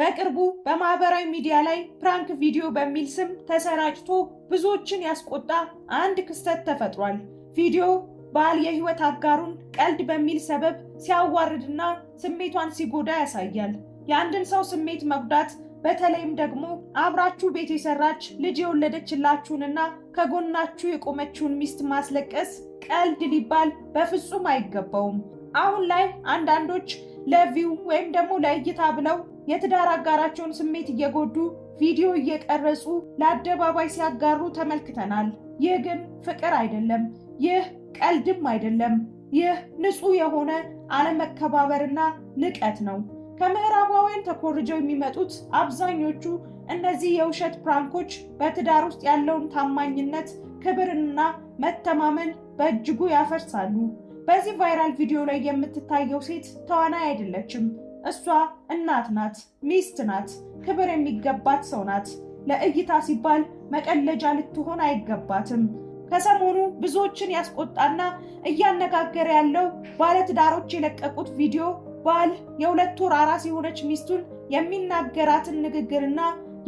በቅርቡ በማህበራዊ ሚዲያ ላይ ፕራንክ ቪዲዮ በሚል ስም ተሰራጭቶ ብዙዎችን ያስቆጣ አንድ ክስተት ተፈጥሯል። ቪዲዮ ባል የህይወት አጋሩን ቀልድ በሚል ሰበብ ሲያዋርድና ስሜቷን ሲጎዳ ያሳያል። የአንድን ሰው ስሜት መጉዳት በተለይም ደግሞ አብራችሁ ቤት የሰራች ልጅ የወለደችላችሁንና ከጎናችሁ የቆመችውን ሚስት ማስለቀስ ቀልድ ሊባል በፍጹም አይገባውም። አሁን ላይ አንዳንዶች ለቪው ወይም ደግሞ ለእይታ ብለው የትዳር አጋራቸውን ስሜት እየጎዱ ቪዲዮ እየቀረጹ ለአደባባይ ሲያጋሩ ተመልክተናል። ይህ ግን ፍቅር አይደለም። ይህ ቀልድም አይደለም። ይህ ንጹህ የሆነ አለመከባበርና ንቀት ነው። ከምዕራባውያን ተኮርጀው የሚመጡት አብዛኞቹ እነዚህ የውሸት ፕራንኮች በትዳር ውስጥ ያለውን ታማኝነት፣ ክብርንና መተማመን በእጅጉ ያፈርሳሉ። በዚህ ቫይራል ቪዲዮ ላይ የምትታየው ሴት ተዋናይ አይደለችም። እሷ እናት ናት፣ ሚስት ናት፣ ክብር የሚገባት ሰው ናት። ለእይታ ሲባል መቀለጃ ልትሆን አይገባትም። ከሰሞኑ ብዙዎችን ያስቆጣና እያነጋገረ ያለው ባለትዳሮች የለቀቁት ቪዲዮ ባል የሁለት ወር አራስ የሆነች ሚስቱን የሚናገራትን ንግግርና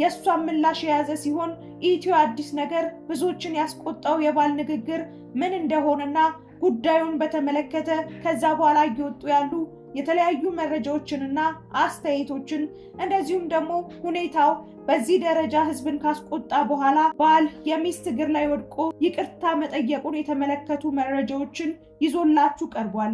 የእሷን ምላሽ የያዘ ሲሆን ኢትዮ አዲስ ነገር ብዙዎችን ያስቆጣው የባል ንግግር ምን እንደሆነና ጉዳዩን በተመለከተ ከዛ በኋላ እየወጡ ያሉ የተለያዩ መረጃዎችንና አስተያየቶችን እንደዚሁም ደግሞ ሁኔታው በዚህ ደረጃ ህዝብን ካስቆጣ በኋላ ባል የሚስት እግር ላይ ወድቆ ይቅርታ መጠየቁን የተመለከቱ መረጃዎችን ይዞላችሁ ቀርቧል።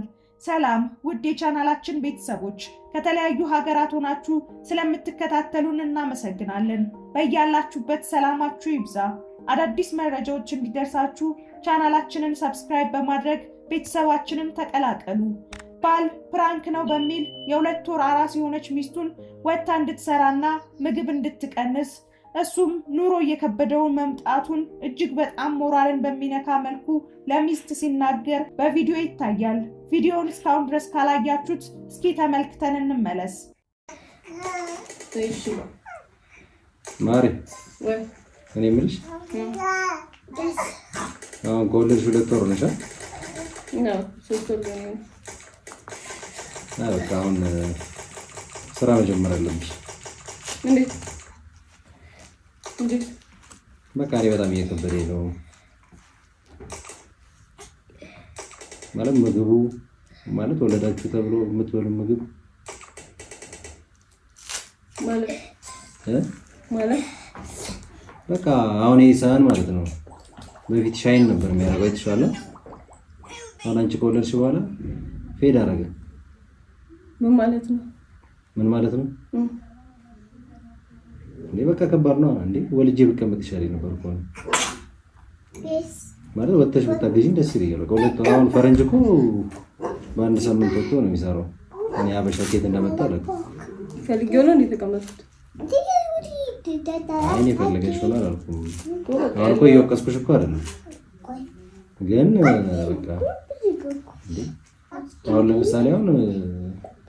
ሰላም ውድ የቻናላችን ቤተሰቦች ከተለያዩ ሀገራት ሆናችሁ ስለምትከታተሉን እናመሰግናለን። በያላችሁበት ሰላማችሁ ይብዛ። አዳዲስ መረጃዎች እንዲደርሳችሁ ቻናላችንን ሰብስክራይብ በማድረግ ቤተሰባችንን ተቀላቀሉ። ባል ፕራንክ ነው በሚል የሁለት ወር አራስ የሆነች ሚስቱን ወጥታ እንድትሰራና ምግብ እንድትቀንስ እሱም ኑሮ እየከበደውን መምጣቱን እጅግ በጣም ሞራልን በሚነካ መልኩ ለሚስት ሲናገር በቪዲዮ ይታያል። ቪዲዮውን እስካሁን ድረስ ካላያችሁት እስኪ ተመልክተን እንመለስ። እኔ የምልሽ አሁን ከወለድሽ ሁለት ወር ነሽ በቃ አሁን ስራ መጀመር አለብሽ። በቃ እኔ በጣም እየከበደኝ ነው ማለት ምግቡ ማለት ወለዳችሁ ተብሎ የምትበሉ ምግብ ማለት በቃ አሁን ይሄ ሳህን ማለት ነው በፊት ሻይን ነበር የሚያደርገው የተሻለ አሁን አንቺ ከወለድሽ በኋላ ፌድ አደረገ። ምን ማለት ነው? ምን ማለት ነው? እንዴ በቃ ከባድ ነው። እንዴ ወልጄ ብቀመጥ ይሻለኝ ነበር እኮ ነው ማለት ወጥተሽ ብታገዢኝ ደስ ይለኛል። በቃ ሁለት አሁን ፈረንጅ እኮ በአንድ ሳምንት ወጥቶ ነው የሚሰራው። እኔ አበሻ ኬት እንደመጣ አለ ፈልጌው ነው እንዴ ተቀመጥኩት እኔ የፈለገሽ ሆነ አላልኩም። አሁን እኮ እየወቀስኩሽ እኮ አይደለም፣ ግን በቃ አሁን ለምሳሌ አሁን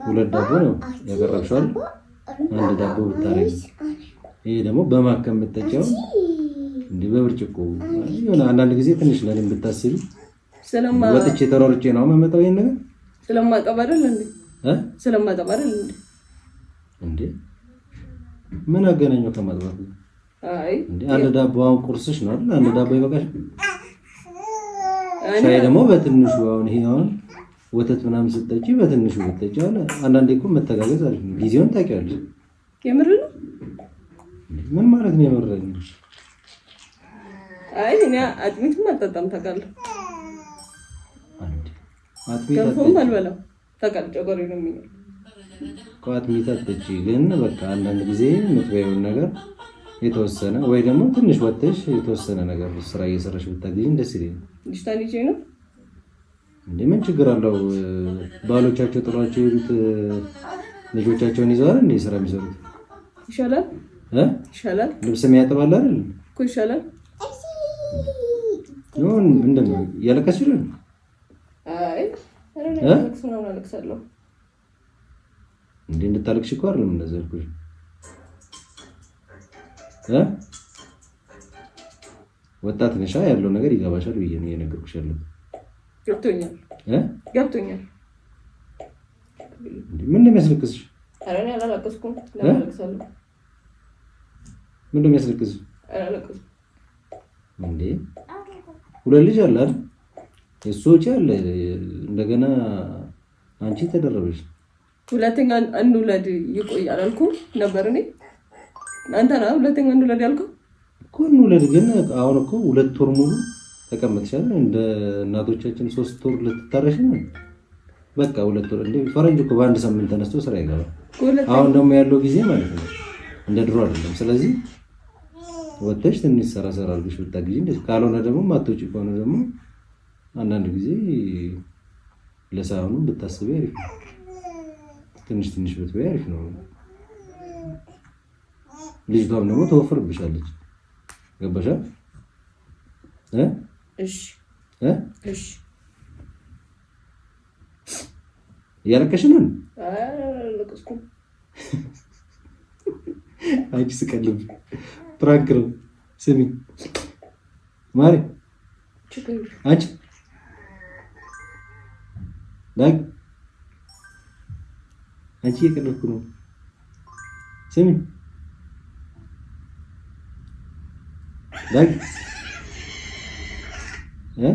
ሁለት ዳቦ ነው ያቀረብሽዋል፣ አንድ ዳቦ ብታረጊ፣ ይሄ ደግሞ በማከም የምጠጪው እንዲህ በብርጭቆ የሆነ አንዳንድ ጊዜ ትንሽ ለእኔም ብታስቢ ወጥቼ ተሯርጬ ነው የማመጣው ይሄን ነገር ስለማቀባደል እንዴ ስለማቀባደል እንዴ ምን አገናኘው ከማጥባት? አይ አንድ ዳቦ አሁን ቁርስሽ ነው አይደል? አንድ ዳቦ ይበቃሽ። ሻይ ደግሞ በትንሹ አሁን ይሄ አሁን ወተት ምናምን ስትጠጪ በትንሹ ብትጠጪ፣ አሁን አንዳንዴ እኮ መተጋገዝ አሪፍ ጊዜውን ታውቂያለሽ። የምር ነው። ምን ማለት ነው የምር ነው? አይ እኔ አጥሚትም አልጠጣም ታውቃለህ። አጥሚት አልበላም ታውቃለህ። ጨጓራዬ ነው የሚለው ቋት ሚተጥጪ ግን በቃ አንዳንድ ጊዜ የምትበይውን ነገር የተወሰነ ወይ ደግሞ ትንሽ ወጥተሽ የተወሰነ ነገር ስራ እየሰራሽ ብታገኝ ደስ ይለኛል። ልጅታ ልጅ ነው እንዴ ምን ችግር አለው? ባሎቻቸው ጥሏቸው የሄዱት ልጆቻቸውን ይዘዋል እንዴ ስራ የሚሰሩት ይሻላል እ ይሻላል ልብስ የሚያጥባል አይደል እኮ ይሻላል። ይሁን እንደምን ያለቀስሽ ነው? አይ አረ ነው ያለቅስ ነው ያለቅሳለሁ እንዴ እንድታለቅሽ እኮ አይደለም እንደዛ ያልኩሽ እ ወጣት ነሻ ያለው ነገር ይገባሻል ብዬ ነው እየነገርኩሽ ያለሁት። እ ምን ሁለት ልጅ አለ አይደል? የእሱ ወጪ አለ እንደገና አንቺ ተደረበሽ ሁለተኛ እንውለድ ይቆያል አልኩ ነበር እኔ አንተ ና ሁለተኛ እንውለድ ያልኩ እኮ እንውለድ። ግን አሁን እኮ ሁለት ወር ሙሉ ተቀመጥሻል። እንደ እናቶቻችን ሶስት ወር ልትታረሽ ነው። በቃ ሁለት ወር እንደ ፈረንጅ እኮ በአንድ ሳምንት ተነስቶ ስራ ይገባል። አሁን ደግሞ ያለው ጊዜ ማለት ነው እንደ ድሮ አይደለም። ስለዚህ ወጥተሽ ትንሽ ሰራ ሰራ አድርገሽ ወጣ ጊዜ ካልሆነ ደግሞ ማትወጪ ከሆነ ደግሞ አንዳንድ ጊዜ ለሳሁኑ ብታስቢ አሪፍ ነው። ትንሽ ትንሽ ብትበይ አሪፍ ነው። ልጅቷም ደግሞ ተወፍርብሻለች። ገባሻ? እያለቀሽ ነው? አንቺ ስቀልብ ፕራንክ ነው። ስሚ ማሬ ። አንቺ አንቺ እየቀለድኩ ነው። ስሚ ዳጊ እ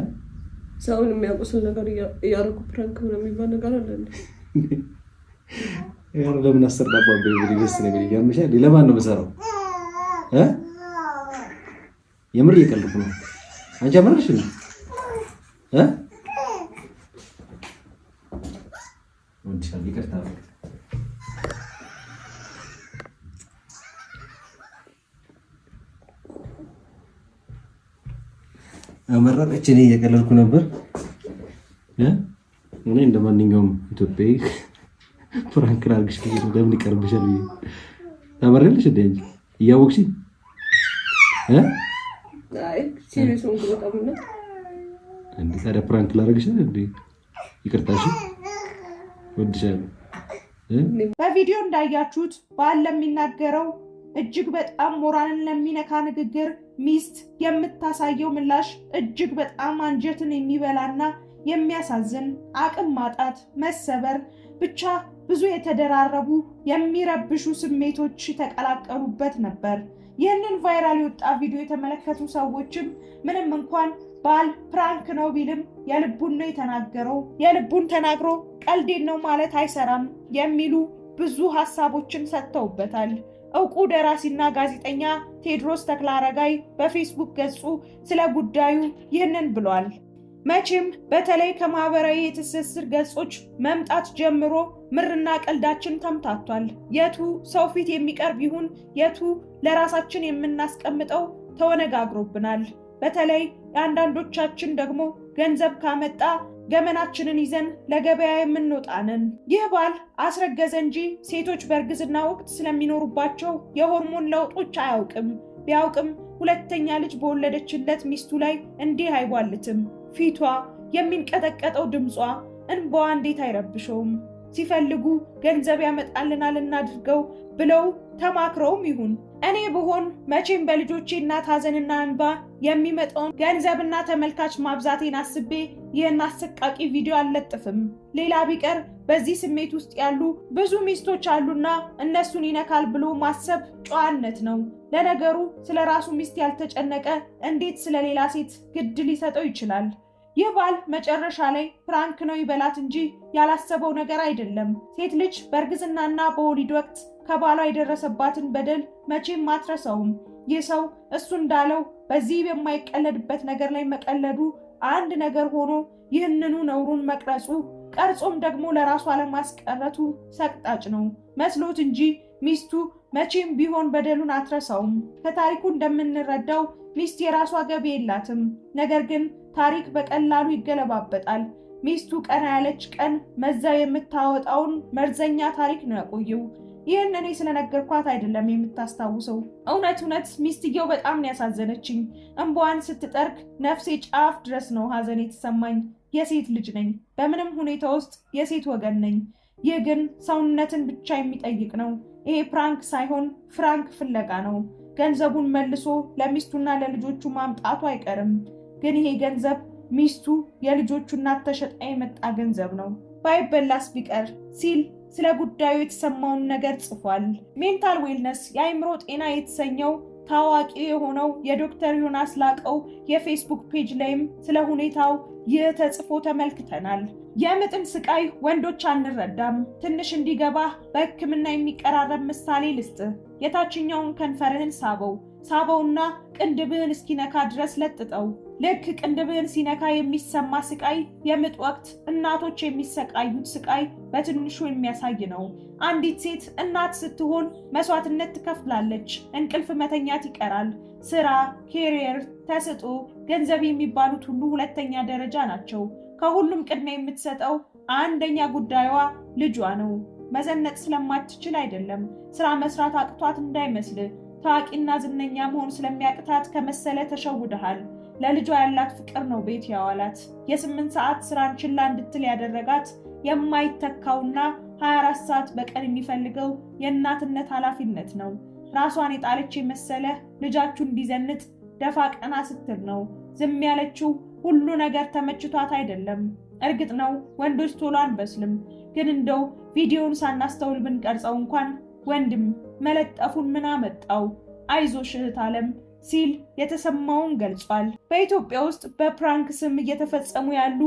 ሰውን የሚያቆስል ነገር እያደረኩ ፕራንክ ነው የሚባል ነገር አለ። ለምን አስር ዳቦ ለማን ነው የምሰራው? የምር እየቀለድኩ ነው። አንቺ አመረርሽ ነው እ አመረረች እኔ እየቀለልኩ ነበር። እኔ እንደ ማንኛውም ኢትዮጵያዊ ፍራንክ ላድርግሽ ብዬሽ ለምን ይቀርብሻል ታመሪያለሽ እንደ አንቺ እያወቅሽ እንደ ታዲያ ፍራንክ ላድርግሻል እንደ ይቅርታሽ ወድሻለሁ። በቪዲዮ እንዳያችሁት ባል ለሚናገረው እጅግ በጣም ሞራልን ለሚነካ ንግግር ሚስት የምታሳየው ምላሽ እጅግ በጣም አንጀትን የሚበላና የሚያሳዝን አቅም ማጣት፣ መሰበር፣ ብቻ ብዙ የተደራረቡ የሚረብሹ ስሜቶች የተቀላቀሉበት ነበር። ይህንን ቫይራል የወጣ ቪዲዮ የተመለከቱ ሰዎችም ምንም እንኳን ባል ፕራንክ ነው ቢልም የልቡን ነው የተናገረው፣ የልቡን ተናግሮ ቀልዴን ነው ማለት አይሰራም የሚሉ ብዙ ሀሳቦችን ሰጥተውበታል። እውቁ ደራሲና ጋዜጠኛ ቴዎድሮስ ተክለአረጋይ በፌስቡክ ገጹ ስለ ጉዳዩ ይህንን ብሏል። መቼም በተለይ ከማህበራዊ የትስስር ገጾች መምጣት ጀምሮ ምርና ቀልዳችን ተምታቷል። የቱ ሰው ፊት የሚቀርብ ይሁን የቱ ለራሳችን የምናስቀምጠው ተወነጋግሮብናል። በተለይ የአንዳንዶቻችን ደግሞ ገንዘብ ካመጣ ገመናችንን ይዘን ለገበያ የምንወጣንን። ይህ ባል አስረገዘ እንጂ ሴቶች በእርግዝና ወቅት ስለሚኖሩባቸው የሆርሞን ለውጦች አያውቅም። ቢያውቅም ሁለተኛ ልጅ በወለደችለት ሚስቱ ላይ እንዲህ አይቧልትም። ፊቷ፣ የሚንቀጠቀጠው ድምጿ፣ እንባዋ እንዴት አይረብሸውም? ሲፈልጉ ገንዘብ ያመጣልናል እናድርገው ብለው ተማክረውም ይሁን እኔ ብሆን መቼም በልጆቼ እናት ሐዘንና እንባ የሚመጣውን ገንዘብና ተመልካች ማብዛቴን አስቤ ይህን አሰቃቂ ቪዲዮ አልለጥፍም። ሌላ ቢቀር በዚህ ስሜት ውስጥ ያሉ ብዙ ሚስቶች አሉና እነሱን ይነካል ብሎ ማሰብ ጨዋነት ነው። ለነገሩ ስለ ራሱ ሚስት ያልተጨነቀ እንዴት ስለ ሌላ ሴት ግድ ሊሰጠው ይችላል? ይህ ባል መጨረሻ ላይ ፕራንክ ነው ይበላት እንጂ ያላሰበው ነገር አይደለም። ሴት ልጅ በእርግዝናና በወሊድ ወቅት ከባሏ የደረሰባትን በደል መቼም ማትረሰውም። ይህ ሰው እሱ እንዳለው በዚህ በማይቀለድበት ነገር ላይ መቀለዱ አንድ ነገር ሆኖ ይህንኑ ነውሩን መቅረጹ ቀርጾም ደግሞ ለራሱ አለማስቀረቱ ሰቅጣጭ ነው መስሎት እንጂ ሚስቱ መቼም ቢሆን በደሉን አትረሳውም። ከታሪኩ እንደምንረዳው ሚስት የራሷ ገቢ የላትም። ነገር ግን ታሪክ በቀላሉ ይገለባበጣል። ሚስቱ ቀና ያለች ቀን መዛ የምታወጣውን መርዘኛ ታሪክ ነው ያቆየው። ይህን እኔ ስለነገርኳት አይደለም የምታስታውሰው። እውነት እውነት ሚስትየው በጣም ነው ያሳዘነችኝ። እንባዋን ስትጠርግ ነፍሴ ጫፍ ድረስ ነው ሀዘን የተሰማኝ። የሴት ልጅ ነኝ፣ በምንም ሁኔታ ውስጥ የሴት ወገን ነኝ። ይህ ግን ሰውነትን ብቻ የሚጠይቅ ነው። ይሄ ፕራንክ ሳይሆን ፍራንክ ፍለጋ ነው። ገንዘቡን መልሶ ለሚስቱና ለልጆቹ ማምጣቱ አይቀርም። ግን ይሄ ገንዘብ ሚስቱ የልጆቹ እናት ተሸጣ የመጣ ገንዘብ ነው ባይበላስ ቢቀር ሲል ስለ ጉዳዩ የተሰማውን ነገር ጽፏል። ሜንታል ዌልነስ የአይምሮ ጤና የተሰኘው ታዋቂ የሆነው የዶክተር ዮናስ ላቀው የፌስቡክ ፔጅ ላይም ስለ ሁኔታው ይህ ተጽፎ ተመልክተናል። የምጥን ስቃይ ወንዶች አንረዳም። ትንሽ እንዲገባ በሕክምና የሚቀራረብ ምሳሌ ልስጥ። የታችኛውን ከንፈርህን ሳበው ሳበውና ቅንድብህን እስኪነካ ድረስ ለጥጠው ልክ ቅንድብህን ሲነካ የሚሰማ ስቃይ የምጥ ወቅት እናቶች የሚሰቃዩት ስቃይ በትንሹ የሚያሳይ ነው። አንዲት ሴት እናት ስትሆን መስዋዕትነት ትከፍላለች። እንቅልፍ መተኛት ይቀራል። ስራ፣ ኬሪየር፣ ተስጦ ገንዘብ የሚባሉት ሁሉ ሁለተኛ ደረጃ ናቸው። ከሁሉም ቅድሚያ የምትሰጠው አንደኛ ጉዳዩዋ ልጇ ነው። መዘነጥ ስለማትችል አይደለም፣ ስራ መስራት አቅቷት እንዳይመስል ታዋቂና ዝነኛ መሆን ስለሚያቅታት ከመሰለ ተሸውደሃል። ለልጇ ያላት ፍቅር ነው ቤት ያዋላት። የስምንት ሰዓት ስራን ችላ እንድትል ያደረጋት የማይተካውና 24 ሰዓት በቀን የሚፈልገው የእናትነት ኃላፊነት ነው። ራሷን የጣለች የመሰለ ልጃችሁ እንዲዘንጥ ደፋ ቀና ስትል ነው። ዝም ያለችው ሁሉ ነገር ተመችቷት አይደለም። እርግጥ ነው ወንዶች ቶሎ አንበስልም፣ ግን እንደው ቪዲዮውን ሳናስተውል ብንቀርጸው እንኳን ወንድም መለጠፉን ምን አመጣው? አይዞሽ እህት አለም ሲል የተሰማውን ገልጿል። በኢትዮጵያ ውስጥ በፕራንክ ስም እየተፈጸሙ ያሉ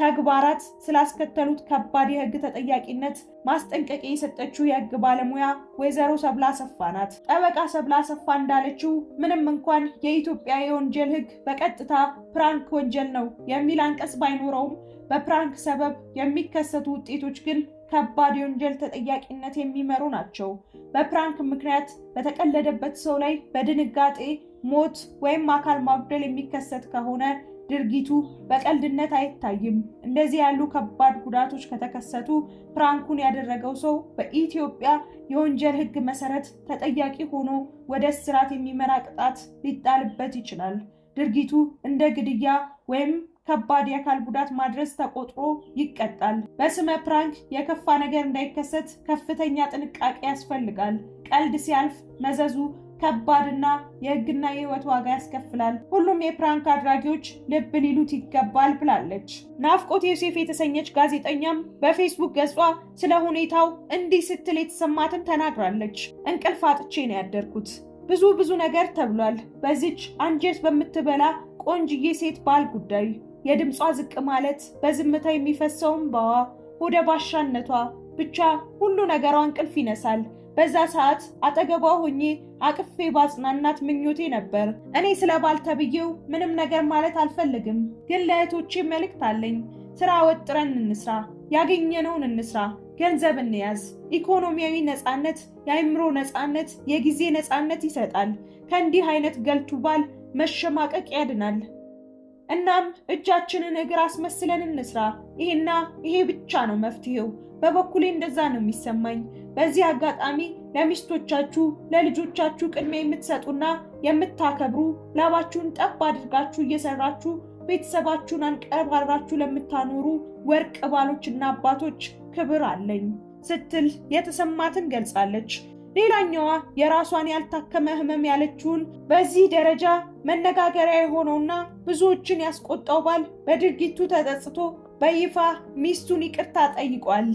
ተግባራት ስላስከተሉት ከባድ የህግ ተጠያቂነት ማስጠንቀቂያ የሰጠችው የህግ ባለሙያ ወይዘሮ ሰብላ አሰፋ ናት። ጠበቃ ሰብላ አሰፋ እንዳለችው ምንም እንኳን የኢትዮጵያ የወንጀል ሕግ በቀጥታ ፕራንክ ወንጀል ነው የሚል አንቀጽ ባይኖረውም በፕራንክ ሰበብ የሚከሰቱ ውጤቶች ግን ከባድ የወንጀል ተጠያቂነት የሚመሩ ናቸው። በፕራንክ ምክንያት በተቀለደበት ሰው ላይ በድንጋጤ ሞት ወይም አካል ማጉደል የሚከሰት ከሆነ ድርጊቱ በቀልድነት አይታይም። እንደዚህ ያሉ ከባድ ጉዳቶች ከተከሰቱ ፕራንኩን ያደረገው ሰው በኢትዮጵያ የወንጀል ሕግ መሰረት ተጠያቂ ሆኖ ወደ እስራት የሚመራ ቅጣት ሊጣልበት ይችላል። ድርጊቱ እንደ ግድያ ወይም ከባድ የአካል ጉዳት ማድረስ ተቆጥሮ ይቀጣል። በስመ ፕራንክ የከፋ ነገር እንዳይከሰት ከፍተኛ ጥንቃቄ ያስፈልጋል። ቀልድ ሲያልፍ መዘዙ ከባድና የሕግና የሕይወት ዋጋ ያስከፍላል። ሁሉም የፕራንክ አድራጊዎች ልብ ሊሉት ይገባል ብላለች። ናፍቆት ዮሴፍ የተሰኘች ጋዜጠኛም በፌስቡክ ገጿ ስለ ሁኔታው እንዲህ ስትል የተሰማትን ተናግራለች። እንቅልፍ አጥቼ ነው ያደርኩት። ብዙ ብዙ ነገር ተብሏል በዚች አንጀት በምትበላ ቆንጅዬ ሴት ባል ጉዳይ የድምጿ ዝቅ ማለት በዝምታ የሚፈሰው እንባዋ ወደ ባሻነቷ ብቻ ሁሉ ነገሯ እንቅልፍ ይነሳል። በዛ ሰዓት አጠገቧ ሆኜ አቅፌ ባጽናናት ምኞቴ ነበር። እኔ ስለ ባል ተብዬው ምንም ነገር ማለት አልፈልግም፣ ግን ለእህቶቼ መልእክት አለኝ። ስራ ወጥረን እንስራ፣ ያገኘነውን እንስራ፣ ገንዘብ እንያዝ። ኢኮኖሚያዊ ነፃነት፣ የአይምሮ ነፃነት፣ የጊዜ ነፃነት ይሰጣል። ከእንዲህ አይነት ገልቱ ባል መሸማቀቅ ያድናል። እናም እጃችንን እግር አስመስለን እንስራ። ይሄና ይሄ ብቻ ነው መፍትሄው። በበኩሌ እንደዛ ነው የሚሰማኝ። በዚህ አጋጣሚ ለሚስቶቻችሁ ለልጆቻችሁ ቅድሚያ የምትሰጡና የምታከብሩ ላባችሁን ጠብ አድርጋችሁ እየሰራችሁ ቤተሰባችሁን አንቀባራችሁ ለምታኖሩ ወርቅ ባሎችና አባቶች ክብር አለኝ ስትል የተሰማትን ገልጻለች። ሌላኛዋ የራሷን ያልታከመ ህመም ያለችውን በዚህ ደረጃ መነጋገሪያ የሆነውና ብዙዎችን ያስቆጣው ባል በድርጊቱ ተጸጽቶ በይፋ ሚስቱን ይቅርታ ጠይቋል።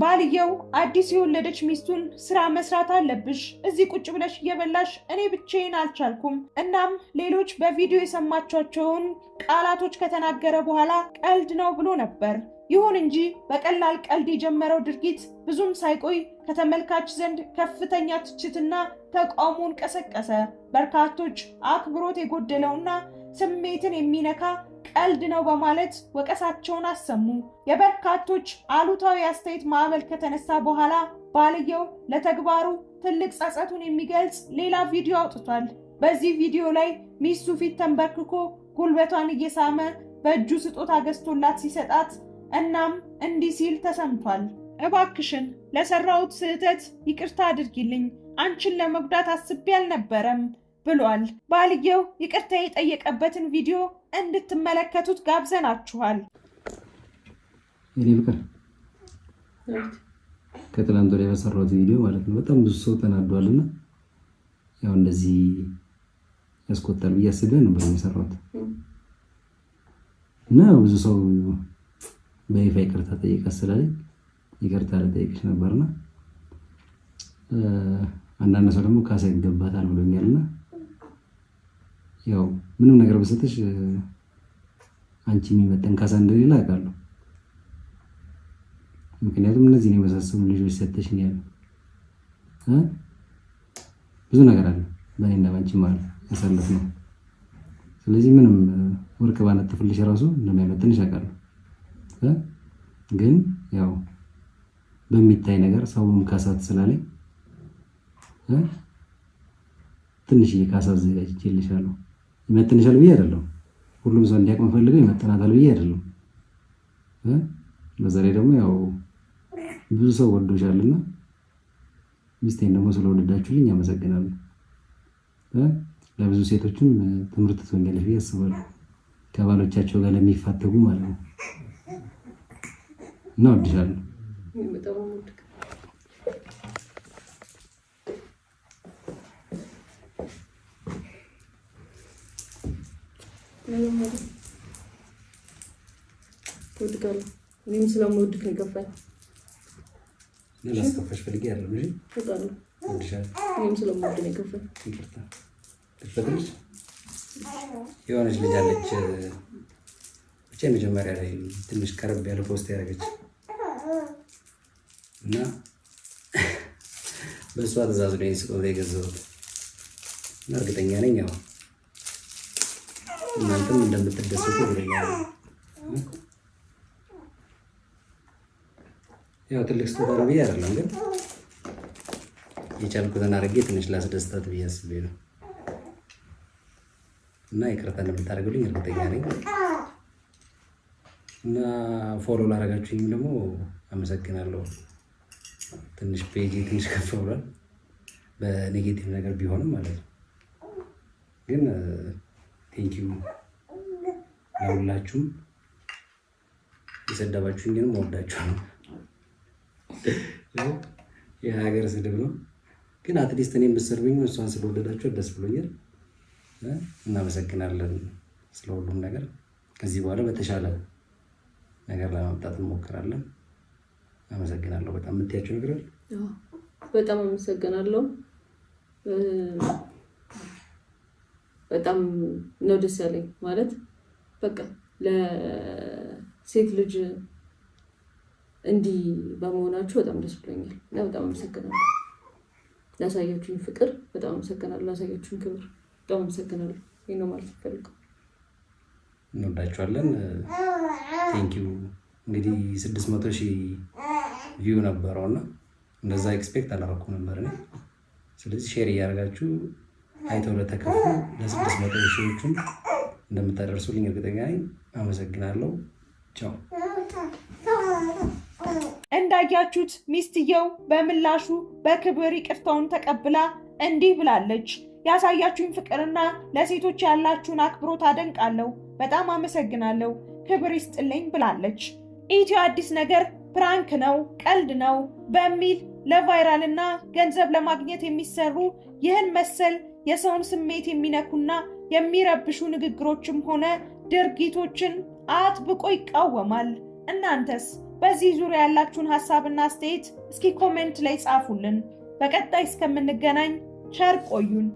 ባልየው አዲስ የወለደች ሚስቱን ስራ መስራት አለብሽ፣ እዚህ ቁጭ ብለሽ እየበላሽ እኔ ብቻዬን አልቻልኩም። እናም ሌሎች በቪዲዮ የሰማቸቸውን ቃላቶች ከተናገረ በኋላ ቀልድ ነው ብሎ ነበር። ይሁን እንጂ በቀላል ቀልድ የጀመረው ድርጊት ብዙም ሳይቆይ ከተመልካች ዘንድ ከፍተኛ ትችትና ተቃውሞን ቀሰቀሰ። በርካቶች አክብሮት የጎደለውና ስሜትን የሚነካ ቀልድ ነው በማለት ወቀሳቸውን አሰሙ። የበርካቶች አሉታዊ አስተያየት ማዕበል ከተነሳ በኋላ ባልየው ለተግባሩ ትልቅ ጸጸቱን የሚገልጽ ሌላ ቪዲዮ አውጥቷል። በዚህ ቪዲዮ ላይ ሚስቱ ፊት ተንበርክኮ ጉልበቷን እየሳመ በእጁ ስጦታ ገዝቶላት ሲሰጣት እናም እንዲህ ሲል ተሰምቷል። እባክሽን ለሰራሁት ስህተት ይቅርታ አድርጊልኝ፣ አንቺን ለመጉዳት አስቤ አልነበረም ብሏል። ባልየው ይቅርታ የጠየቀበትን ቪዲዮ እንድትመለከቱት ጋብዘናችኋል። የኔ ፍቅር ከትላንት ወዲያ በሰራሁት ቪዲዮ ማለት ነው በጣም ብዙ ሰው ተናዷልና ያው እንደዚህ ያስቆጣል ብዬ አስቤ ነበር የሰራሁት እና ብዙ ሰው በይፋ ይቅርታ ጠይቀት ስላለኝ ይቅርታ ልጠይቅሽ ነበርና አንዳንድ ሰው ደግሞ ካሳ ይገባታል ብሎኛልና ያው ምንም ነገር ብሰጥሽ አንቺ የሚመጠን ካሳ እንደሌለ አውቃለሁ። ምክንያቱም እነዚህን የመሳሰሉ ልጆች ሰጠች ያለ ብዙ ነገር አለ በእኔና ባንቺ ማለት ያሳለፍ ነው። ስለዚህ ምንም ወርቅ ባነጥፍልሽ ራሱ እንደማይመጥንሽ አውቃለሁ። ግን ያው በሚታይ ነገር ሰውም ካሳት ስላለኝ ትንሽዬ ካሳ አዘጋጅቼልሻለሁ። ይመጥንሻል ብዬ አይደለም፣ ሁሉም ሰው እንዲያውቅ የምፈልገው ይመጥናታል ብዬ አይደለም። በዛ ላይ ደግሞ ያው ብዙ ሰው ወዶሻልና ሚስቴን ደግሞ ስለወደዳችሁልኝ አመሰግናለሁ። ለብዙ ሴቶችም ትምህርት ትሆኛለሽ ብዬ አስባለሁ። ከባሎቻቸው ጋር ለሚፋተጉ ማለት ነው። እና እወድሻለሁ። እኔም ስለምወድክ ነው የገባኝ። ላስከፋሽ ፈልጌ አይደለም እኔም ስለምወድ ነው የሆነች ልጅ አለች ብቻ መጀመሪያ ላይ ትንሽ ቀረብ ያለ ፖስት ያደረገች እና በእሷ ትእዛዝ ነው ስጦታ የገዛሁት። እርግጠኛ ነኝ ያው እናንተም እንደምትደሰቱ እርግጠኛ ነኝ። ያው ትልቅ ስጦታ ነው ብዬ አይደለም፣ ግን የቻልኩትን አድርጌ ትንሽ ላስደስታት ብዬ አስቤ ነው እና ይቅርታ እንደምታደርጉልኝ እርግጠኛ ነኝ። እና ፎሎ ላደረጋችሁኝም ደግሞ አመሰግናለሁ። ትንሽ ፔጅ ትንሽ ከፍ ብሏል። በኔጌቲቭ ነገር ቢሆንም ማለት ነው። ግን ቴንኪዩ ለሁላችሁም ግን ወዳችሁ ነው። የሀገር ስድብ ነው። ግን አትሊስት እኔም ብትሰርቡኝ እሷን ስለወደዳችሁ ደስ ብሎኛል። እናመሰግናለን ስለሁሉም ነገር። ከዚህ በኋላ በተሻለ ነገር ለማምጣት እንሞክራለን። አመሰግናለሁ። በጣም የምትያቸው ነገር አለ በጣም አመሰግናለሁ። በጣም ነው ደስ ያለኝ። ማለት በቃ ለሴት ልጅ እንዲህ በመሆናችሁ በጣም ደስ ብሎኛል እና በጣም አመሰግናለሁ። ላሳያችሁኝ ፍቅር በጣም አመሰግናለሁ። ላሳያችሁኝ ክብር በጣም አመሰግናለሁ። ይህ ነው ማለት ይፈልገው። እንወዳችኋለን። ቴንኪዩ። እንግዲህ ስድስት መቶ ሺህ ቪው ነበረውና እንደዛ ኤክስፔክት አላረኩ ነበር እኔ። ስለዚህ ሼር እያደረጋችሁ አይተው ለተከፉ ለስድስት መቶ ሺዎቹን እንደምታደርሱልኝ እርግጠኛ ነኝ። አመሰግናለሁ። ቻው። እንዳያችሁት ሚስትየው በምላሹ በክብር ይቅርታውን ተቀብላ እንዲህ ብላለች። ያሳያችሁኝ ፍቅርና ለሴቶች ያላችሁን አክብሮት አደንቃለሁ። በጣም አመሰግናለሁ። ክብር ይስጥልኝ ብላለች። ኢትዮ አዲስ ነገር ፕራንክ ነው፣ ቀልድ ነው በሚል ለቫይራል እና ገንዘብ ለማግኘት የሚሰሩ ይህን መሰል የሰውን ስሜት የሚነኩና የሚረብሹ ንግግሮችም ሆነ ድርጊቶችን አጥብቆ ይቃወማል። እናንተስ በዚህ ዙሪያ ያላችሁን ሀሳብና አስተያየት እስኪ ኮሜንት ላይ ጻፉልን። በቀጣይ እስከምንገናኝ ቸር ቆዩን።